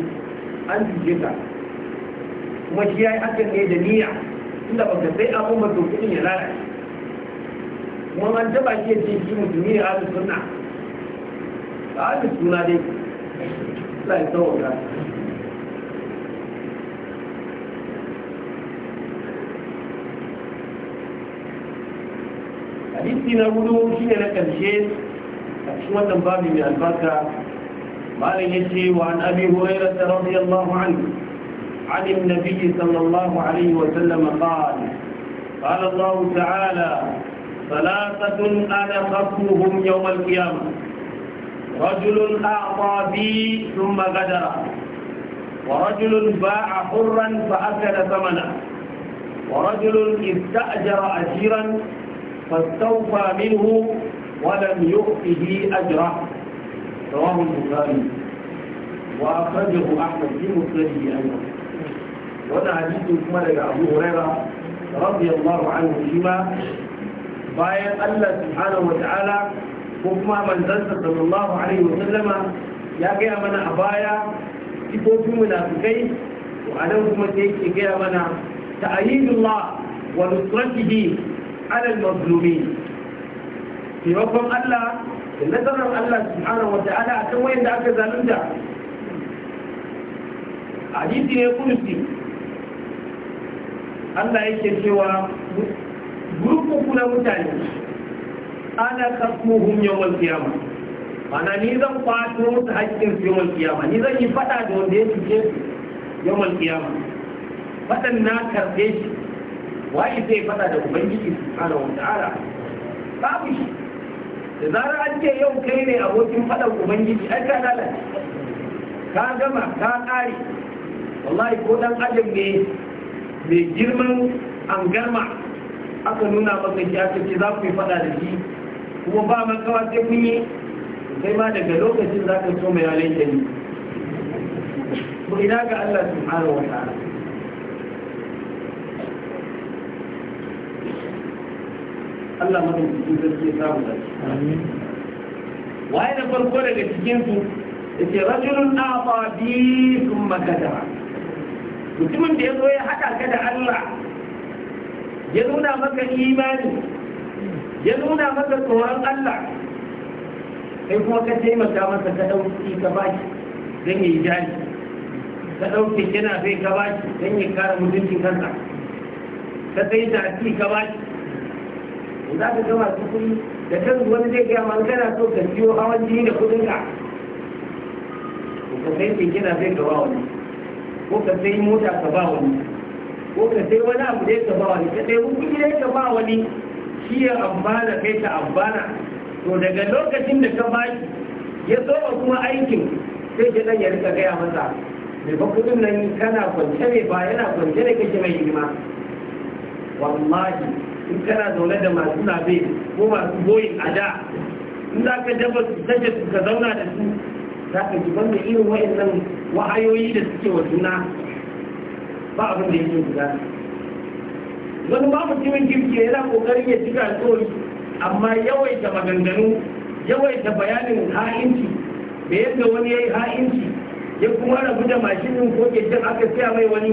an juje ka kuma shi ya yi hakan ne da niyya inda baka sai abun ba to kudin ya lalace ومن تبع كيف يجيب جميع هذا السنة هذا السنة دي لا يتوقع حديثي نقوله شيء لك الشيخ أكشوة بابي من الفاكة قال يجي وعن أبي هريرة رضي الله عنه عن النبي صلى الله عليه وسلم قال قال الله تعالى ثلاثة أنا خصمهم يوم القيامة رجل أعطى بي ثم غدر ورجل باع حرا فأكل ثمنه ورجل استأجر أجيرا فاستوفى منه ولم يؤته أجره رواه البخاري وأخرجه أحمد في مسنده أيضا وأنا حديث كما أبو هريرة رضي الله عنه فيما bayan Allah subhanahu ta'ala ko kuma manzansa sallallahu alaihi wa sallama ya gaya mana a baya sifofin munafikai to a kuma sai yake gaya mana ta'ayyidullah wa nusratihi ala al-mazlumin taimakon Allah da nasarar Allah subhanahu wata'ala akan wayanda aka zalunta hadisi ne kudusi Allah yake cewa group na mutane ana kasmuhum yawon kiyama ana ni zan kwato ta hakkin su yawon kiyama ni zan yi fada da wanda ya cuce su yawon kiyama fadan na karfe shi yi zai fada da ubangiji subhanahu wa ta'ala babu shi da zarar an ce yau kai ne abokin fadan ubangiji ai ka lalace ka gama ka kare wallahi ko dan adam ne mai girman an garma aka nuna maka ki aka ce za ku yi faɗa da shi kuma ba kawa sai kun yi sai ma daga lokacin za ka so mai yalai da ni ko ina ga Allah subhanahu wa ta'ala Allah madaukakin sarki ya samu da shi waye da farko daga cikin su yace rajulun afa bi thumma kadara mutumin da ya zo ya haɗa ka da Allah ya nuna maka imani ya nuna maka tsoron Allah kai kuma ka taimaka masa ka ɗauki ka baki don ya yi jari ka ɗauki yana zai ka baki don ya kara mutuncin kansa ka sai ci ka baki za ka gama su kuri da kan wani zai gaya man kana so ka siyo hawan jini da kuɗin ka ko ka sai keke sai ka ba wani ko ka sai mota ka ba wani ko ka sai wani abu ne ka ba wani ka mun ne ka ba wani shi ya amfana kai ta amfana to daga lokacin da ka ba shi ya soba kuma aikin sai ke nan ya rika gaya masa mai fa kuɗin nan kana kwance ne ba yana kwance ne kake mai hidima wallahi in kana zaune da masu nabe ko masu boyin a da in za ka daba taje ka zauna da su za ka ji banda irin wayannan wahayoyi da suke wa juna ba abin da yake guda wani ba mutumin kirki yana kokarin ya cika alkawari amma yawaita maganganu yawaita bayanin ha'inci da yadda wani ya yi ha'inci ya kuma rabu da mashinin ko keken aka siya mai wani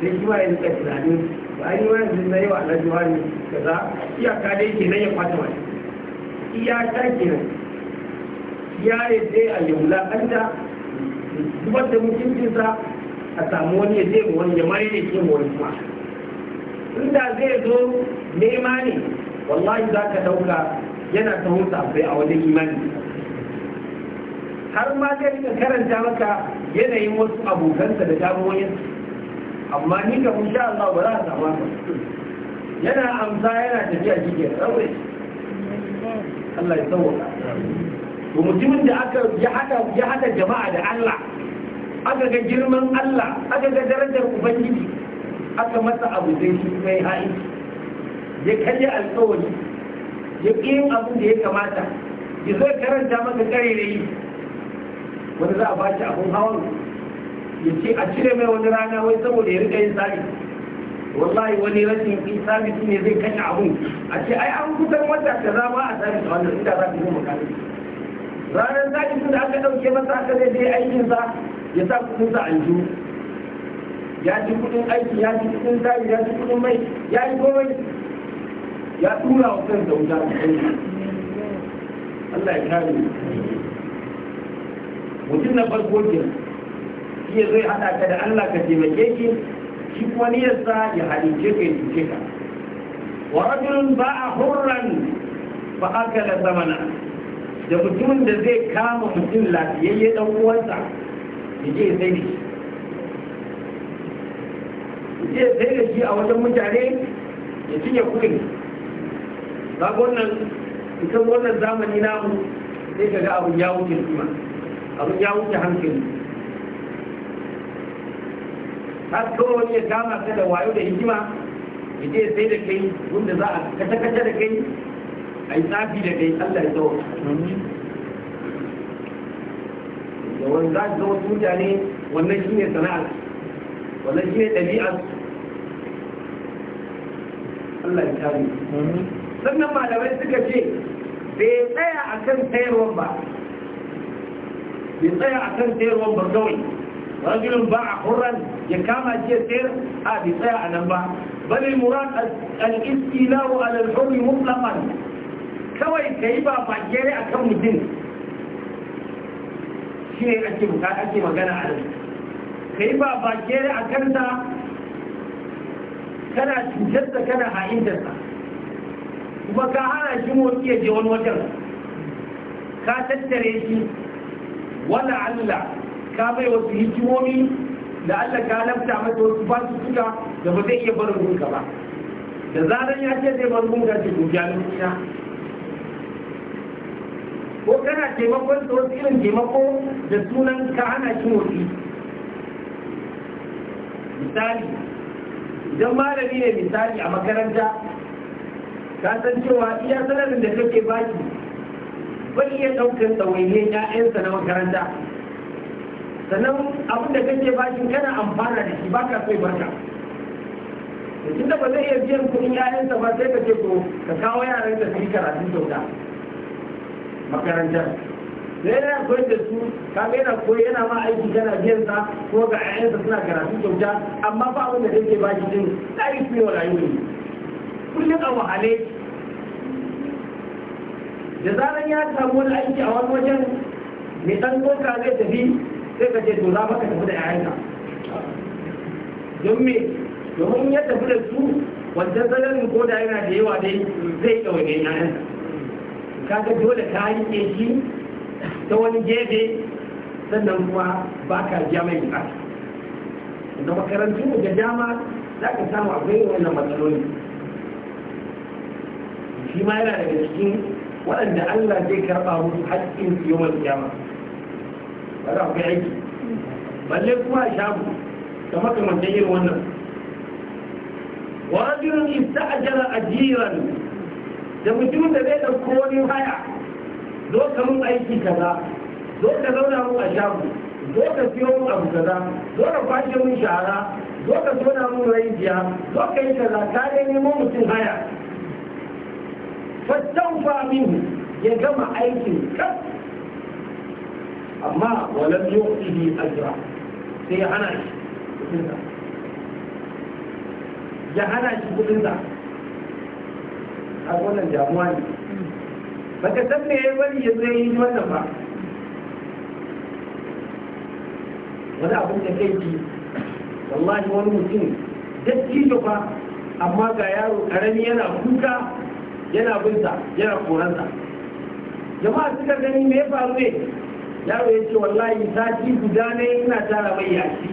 sai shi ma ya rika tunanin ba yi wani zai na yawa na juwa ne kaza iyaka dai ke nan ya kwata wani iyaka ke nan ya yi dai a yamla an da zubar da mutuncinsa a samu wani ya je wani ya mai ne ke wani kuma inda zai zo nema ne wallahi za ka dauka yana tahon bai a wajen imani har ma zai rika karanta maka yanayin wasu abokansa da damuwoyinsu amma ni ga mun sha Allah ba za a samu yana amsa yana tafiya cikin ke Allah ya sauwa Ba mutumin da aka ya hada jama'a da Allah aka ga girman Allah aka ga darajar ubangiji aka masa abu zai shi mai ha'i ya karya alkawari ya ƙi yin abin da ya kamata ya zo karanta masa yi. wani za a ba shi abin hawan ya ce a cire mai wani rana wai saboda ya riƙa yin sa'i wallahi wani rashin isabi shi ne zai kashe abin a ce ai an kusan wata ka za ba a sami da wannan inda za ka yi makami ranar zaki tun da aka ɗauke masa aka zai aikin sa ya sa kudin sa anju ya ci kudin aiki ya ci kudin zari ya ci kudin mai ya yi komai ya tura wa kansa wuta Allah ya kare mutum na farko ke ya zai haɗa ka da Allah ka taimake ki shi kuma ni ya halice ka ya cuce ka wa rajulun ba a hurran fa akala zamana da mutumin da zai kama mutum lafiyayye dan uwansa ya je ya sai da shi ya sai da shi a wajen mutane ya cinye kuɗi ba wannan ita wannan zamani namu sai ka ga abin ya wuce kuma abin ya wuce hankali har kawai wani ya gama ka da wayo da hikima ya je sai da kai wanda za a kace-kace da kai a yi tsafi da kai allah ya tsawo da za su zama mutane wannan shine sana'ar wannan shine ɗabi'ar Allah ya kare sannan malamai suka ce bai tsaya akan sayarwar ba bai tsaya kan sayarwar ba kawai a باع حرا يكاما جيسير هذه آه ساعة نباع بل المراد الاستيلاء على الحر مطلقا كوي كيبا فجيري أكم الدين shi ne ake buka ake magana a nan kai ba ba kere a kanta kana cutarsa kana ha'intarsa kuma ka hana shi motsi ya je wani wajen ka tattare shi wala Allah ka bai wasu hikimomi da Allah ka lafta masa wasu basu su suka da ba zai iya barin gunka ba da zaran ya ce zai barin gunka ce to ya ko kana taimakon wasu irin taimako da sunan ka hana shi motsi misali idan malami ne misali a makaranta ka san cewa iya sanarin da kake baki bai iya ɗaukar tsawaiye 'ya'yansa na makaranta sannan abin da kake bakin kana amfana da shi baka sai barka da tunda ba zai iya biyan kuɗin 'ya'yansa ba sai ka ce ko ka kawo yaran da su yi karatu kyauta makarantar sai yana koyar da su kamar yana koyi yana ma aiki gana biyan sa ko ga ayyansa suna karatu kyauta amma ba abin da ke ba shi jin tsari su yau rayuwa ne kullum a wahale da zaran ya samu wani aiki a wani wajen mai ɗan doka zai tafi sai ka ce to za maka tafi da ayyanka don me domin ya tafi da su wancan salarin ko da yana da yawa dai zai ɗaure ayyanka kaga dole ka rike shi ta wani gefe sannan kuma ba ka biya mai bukata da makarantu da dama za ka samu akwai wannan matsaloli shi ma yana daga cikin waɗanda Allah zai karɓa musu haƙƙin su yawan kiyama ba za ku aiki balle kuma a shagu da makamantan irin wannan wa rajulun ista'jara ajiran da mutumin da zai ɗauko wani haya zo ka mun aiki kaza zo ka zauna mu a shago zo ka siyo mun abu kaza zo ka kwashe mun shara zo ka zauna mun rajiya zo ka yi kaza ka dai nemo mutum haya fastaufa famin ya gama aikin kaf amma walam yu'tihi ajra sai ya hana shi kudin ya hana shi a wannan damuwa ne baka san me ya bari ya zai yi wannan ba wani abin da kai ki wallahi wani mutum dattijo ba amma ga yaro karami yana kuka yana binsa yana koransa jama'a suka gani me ya faru ne yaro ya ce wallahi sati guda ne ina tara mai yashi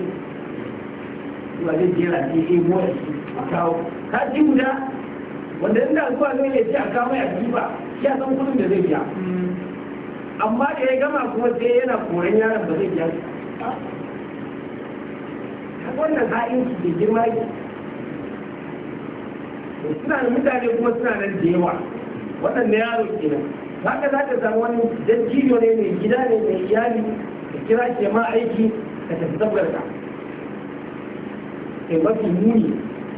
ba zai jera ce eh mora shi a kawo sati guda wanda inda zuwa zai ya ce a kama ya ba ya san kudin da zai biya amma da ya gama kuma sai yana koren yaron ba zai biya wannan ha'in su ke girma yi suna da mutane kuma suna nan da yawa Wannan na yaro kenan haka za ka samu wani jiyo ne mai gida ne mai iyali ka kira ke ma aiki ka tafi saboda ka kai mafi muni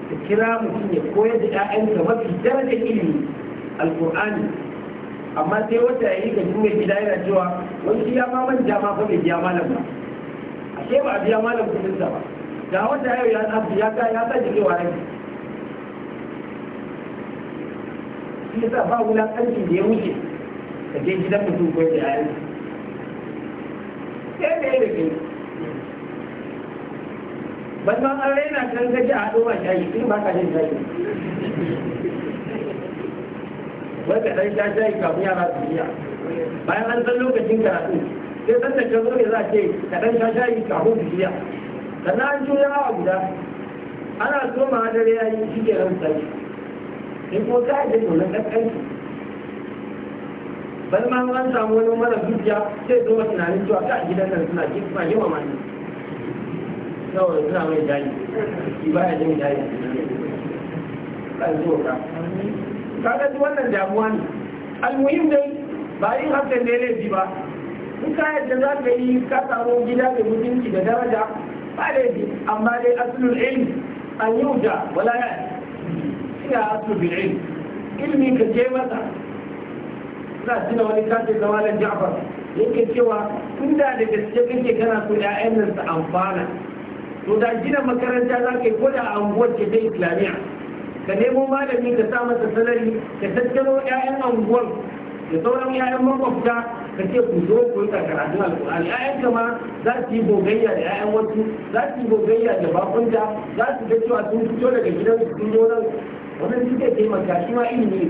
da kira mutum ya koyar da ƴaƴanka mafi darajar ilimi alqur'ani amma sai wata yayi ka dinga gida yana cewa wani shi ya ma manja ma fa bai biya malam ba ashe ba a biya malam kuɗin ba da wata yau ya tsafi ya ka ya sake cewa rai shi yasa ba wulaƙancin da ya wuce ka je gidan mutum koyar da ƴaƴanka sai da ya da ban ban an raina kan gaji a haɗo ma shayi in ba ka jin shayi wai ka ɗan sha shayi kafin yara su biya bayan an san lokacin karatu sai san da ka zo ne za a ce ka ɗan sha shayi kafin su biya sannan an juna hawa guda ana so ma dare ya yi shi ke ran sai in ko ka yi da nan kaskanci bal ma an samu wani mara zuciya sai zo tunanin cewa ka gidan nan suna suna yawa mani kawai suna mai jari shi ba jin jari kan zo ka kaga duk wannan damuwa ne almuhim dai ba yin hakan ne laifi ba in ka yadda za ka yi ka samu gida mai mutunci da daraja ba laifi amma dai asulul ilmi an yi wuta wala ya ina asulul ilmi ilmi ka je masa ina tuna wani kafin zama da ja'far yake cewa tun da gaske kake kana so 'ya'yan nan su amfana to da gina makaranta za ka yi ko a unguwar ke ta islamiyya ka nemo malami ka sa masa salari ka tattaro 'ya'yan unguwar da sauran 'ya'yan makwabta ka ce ku zo ku yi karatun alƙur'ani 'ya'yan kama za su yi gogayya da 'ya'yan wasu za su yi gogayya da bakunta za su ga cewa sun fito daga gidan sun zo nan wannan taimaka shi ma ilimi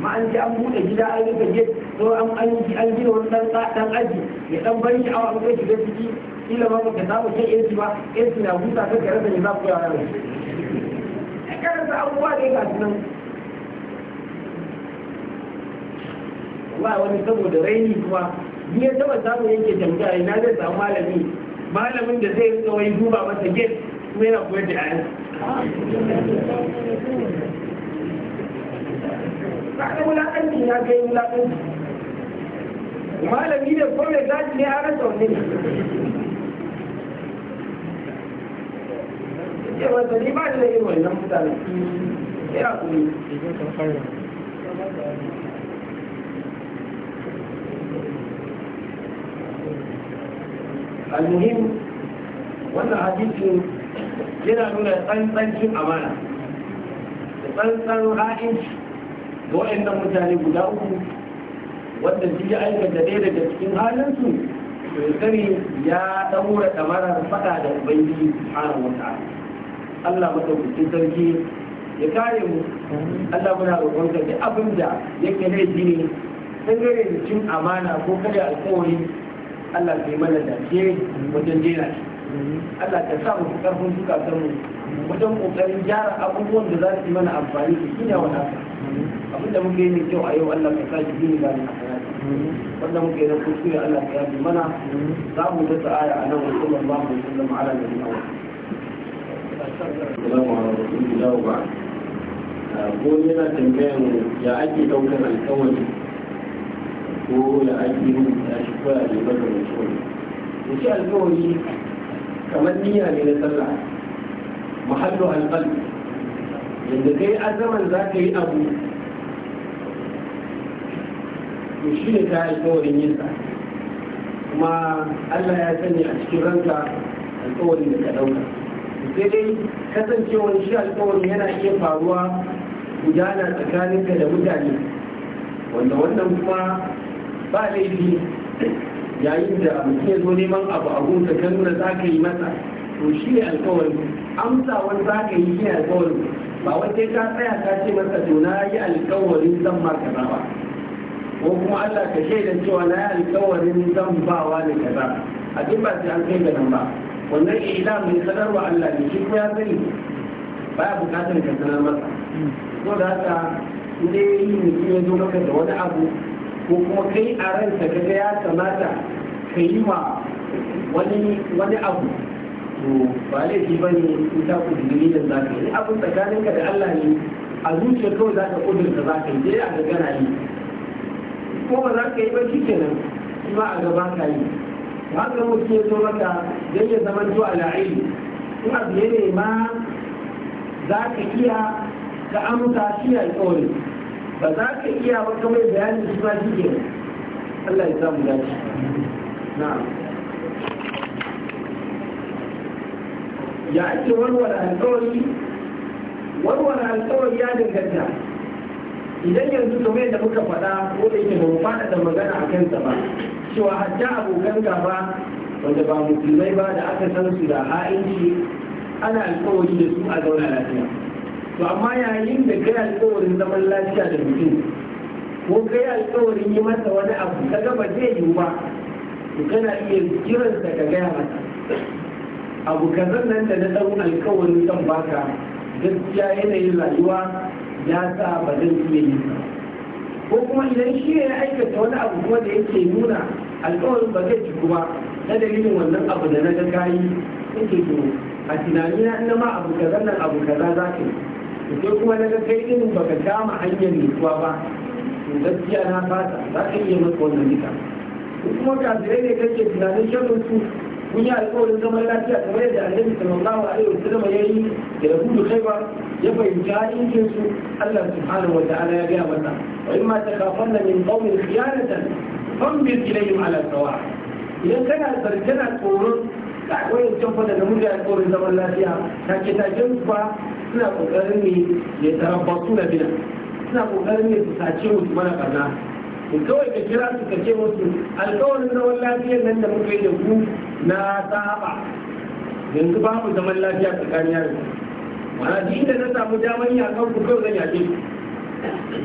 amma an ji an buɗe gida an rufe gate ko an an gina wani dan dan aji ya dan bari shi awa an shiga ciki kila ma ka samu kai AC ba AC na huta kai ka rasa ne za ku yawa yau karanta abubuwa ne ga nan wallahi wani saboda raini kuma ni ya taba samu yanke tambaya na zai samu malami malamin da zai yi tsawai duba masa gate kuma yana koyar da ayi kaga wulaƙanci ya kai wulaƙanci malami da ko gaji ne a rasa wani ne ce ni ba da yin wannan mutane kuma المهم wannan hadisin yana nuna tsantsancin amana da tsantsan ra'inci ga waɗannan mutane guda uku wanda shi ya aikata ɗaya daga cikin halinsu to ya sani ya ɗaura ɗamarar faɗa da ubangiji subhanahu wa ta'ala Allah madaukakin sarki ya kare mu Allah muna roƙon ka duk abin da yake laifi ne dangane da cin amana ko kada alƙawari Allah bai mana dace wajen jera shi Allah ka sa mu karfin suka mu wajen kokarin gyara abubuwan da za su yi mana amfani da shi ne wadata abin da muke yi ne kyau a yau Allah ka sake gini ga ni wanda muke da ya Allah ka yafi mana za mu ta aya a nan wasu ban ba mu sallam ala da ni awal Assalamu alaikum da wa ko yana tambayan ya ake daukar alƙawari ko ya ake rubuta shi koya da ne ba da mutum. Shi alƙawari kamar niyya ne na sallah mahallu alƙalbi yadda kai azaman za ka yi abu to shi ne ta alƙawarin yin sa kuma allah ya sani a cikin ranka alƙawarin da ka ɗauka sai dai kasancewar shi alƙawarin yana iya faruwa gudana tsakaninka da mutane wanda wannan kuma ba laifi yayin da mutum ya zo neman abu a gunsa kan nuna za ka yi masa to shi ne alkawari amsa wani za ka yi shi ne alkawari ba wai ka tsaya ka ce masa to na yi alkawarin zan ma kaza ba ko kuma Allah ka shaida cewa na yi alkawarin zan ba wa ne kaza a duk ba sai an kai ga nan ba wannan ila mai sanarwa Allah ne shi ko ya sani baya bukatar ka sanar masa ko da haka inda ya yi mutum ya zo maka da wani abu ko kuma kai a ranka kaga ya kamata ka yi ma wani abu to ba laifi ba ne in ta ku digiri da za ka yi abin tsakaninka da Allah ne a zuciya kawai za ka kudurta za ka yi sai a ga gana yi ko ba za ka yi ba shi kenan ba a gaba ka yi haka mutum ya zo maka zai ya zama zuwa la'ili in abu ne ma za ka iya ka amsa shi a tsori ba za ka iya ba kamar bayanin shi ba shi kenan Allah ya samu dace na'am ya ake warware alkawari warware alkawari ya danganta idan yanzu kamar yadda muka faɗa ko da yake bamu faɗa da magana a kansa ba cewa hatta abokan gaba wanda ba musulmai ba da aka san su da ha'inci ana alkawari da su a zauna lafiya to amma yayin da kai alkawarin zaman lafiya da mutum ko kai alkawarin yi masa wani abu ka gaba zai yiwu ba to kana iya kiransa ka gaya masa abu kazan nan da na ɗan alkawarin zan baka gaskiya yanayin rayuwa ya sa ba zan iya yi ko kuma idan shi ya aikata wani abu kuma da yake nuna alkawarin ba zai ci kuma na dalilin wannan abu da na ga kayi yake to a tunanina ina ma abu kazan nan abu kaza za ka yi sai kuma na ga kai din ka kama hanyar nutsuwa ba to gaskiya na fata za ka iya masa wannan nika kuma kafirai ne kake tunanin shan su kun yi alƙawarin zaman lafiya kamar yadda annabi sallallahu alaihi wasallam ya yi da kai ba ya fahimci hadisin su Allah subhanahu wa ta'ala ya gaya masa wa imma takhafanna min qaumin khiyanatan fanbir ilayhim ala sawa idan kana sarkana tsoron wayan can fa mun namiji alƙawarin zaman lafiya ta ta taken ba suna kokarin ne ya tarabbasu na bina suna kokarin ne su sace musu mana barna kawai ka kira su ka ce wasu alkawarin zaman lafiyar nan da muka yi da ku na sahaba yanzu babu zaman lafiya tsakanin yaro mana duk inda na samu damar ya a kan ku kawai zan yaƙe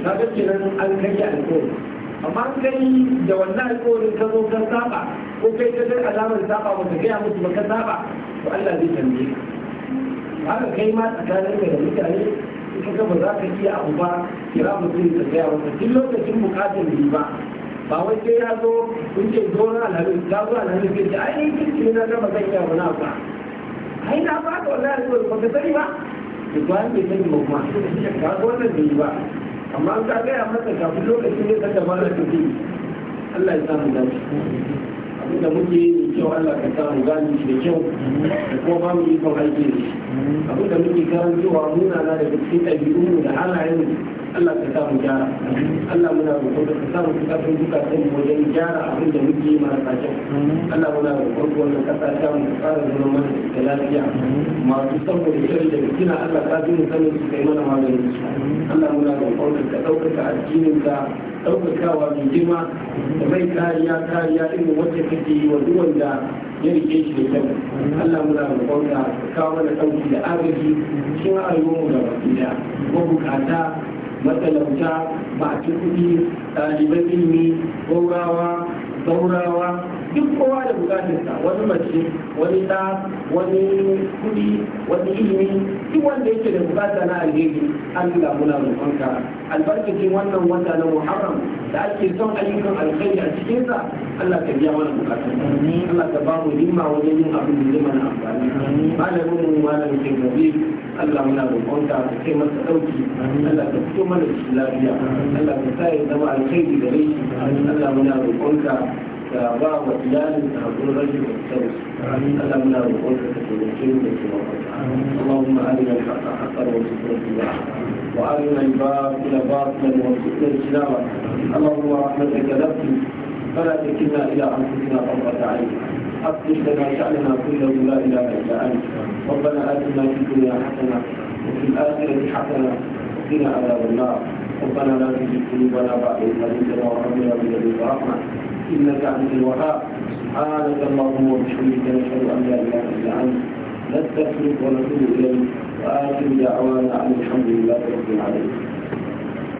ka ga kenan an karya alkawari amma an kai da wannan alkawarin ka zo ka saba ko kai ka ga alamar saba ba ka gaya musu ba ka saba to Allah zai tambaye ka haka kai ma tsakanin ka da mutane in ka ba za ka iya abu ba kira mutum ka gaya wata duk lokacin bukatar riba ba wai sai ya zo kun ce zo na alhamis ya zo alhamis ya ce ai kirki na ba zan iya wani abu ai na ba ka wallahi alhamis ba ka sani ba da bayan bai sani ba kuma ka ga wannan bai yi ba amma an ka gaya masa kafin lokacin ne ka da mara tafi Allah ya samu dace inda muke yi kyau Allah ka samu gani da kyau da kuma ba mu yi kan aiki da shi abinda muke karantowa muna na da cikin ɗabi'u da halayen Allah ka samu gyara Allah muna roƙo da ka samu kafin duka kan wajen gyara abin da muke yi marasa kyau Allah muna roƙo da wannan kasa ta mu fara zuwa mana da lafiya masu saboda shari da kina Allah ta bi mu sanin su kai mana maganin su Allah muna roƙo da ka ɗaukaka addinin ka ɗaukakawa mai girma da mai kariya kariya irin wacce kake yi wa duk wanda ya rike shi da kyau Allah muna roƙon ka kawo mana ɗauki da agaji cikin rayuwar mu da wasu da mabukata matalauta masu kuɗi ɗaliban ilimi gogawa taurawa duk kowa da bukatarsa wani mace wani ɗa wani kudi wani ilimi duk wanda yake da bukata na alheri Allah muna roƙonka albarkacin wannan wata na Muharram da ake son ayyukan alkhairi a cikin sa Allah ka biya mana bukatun Allah ka ba mu himma wajen yin abin da zai mana amfani malamin mu malamin kin gabi Allah muna roƙonka ka kai masa dauki Allah ka fito mana da lafiya Allah ka sa ya zama alkhairi gare shi Allah muna roƙonka ka ba wa ilalin ka hakuri rashin kyau Allah muna roƙon ka ka taimake mu da taimako Allahumma arina al-haqqa haqqan wa zidna ittiba'a wa arina al-batila batilan wa zidna ijtinaba Allahumma rahmataka nafsi فلا تكلنا إلى أنفسنا طرفة عين أصلح لنا شأننا كله لا إله إلا أنت ربنا آتنا في الدنيا حسنة وفي الآخرة حسنة وقنا عذاب النار ربنا لا تزغ قلوبنا بعد إذ هديتنا وهب لنا من لدنك رحمة إنك أنت الوهاب سبحانك اللهم وبحمدك نشهد أن لا إله إلا أنت نستغفرك ونتوب إليك وآخر دعوانا أن الحمد لله رب العالمين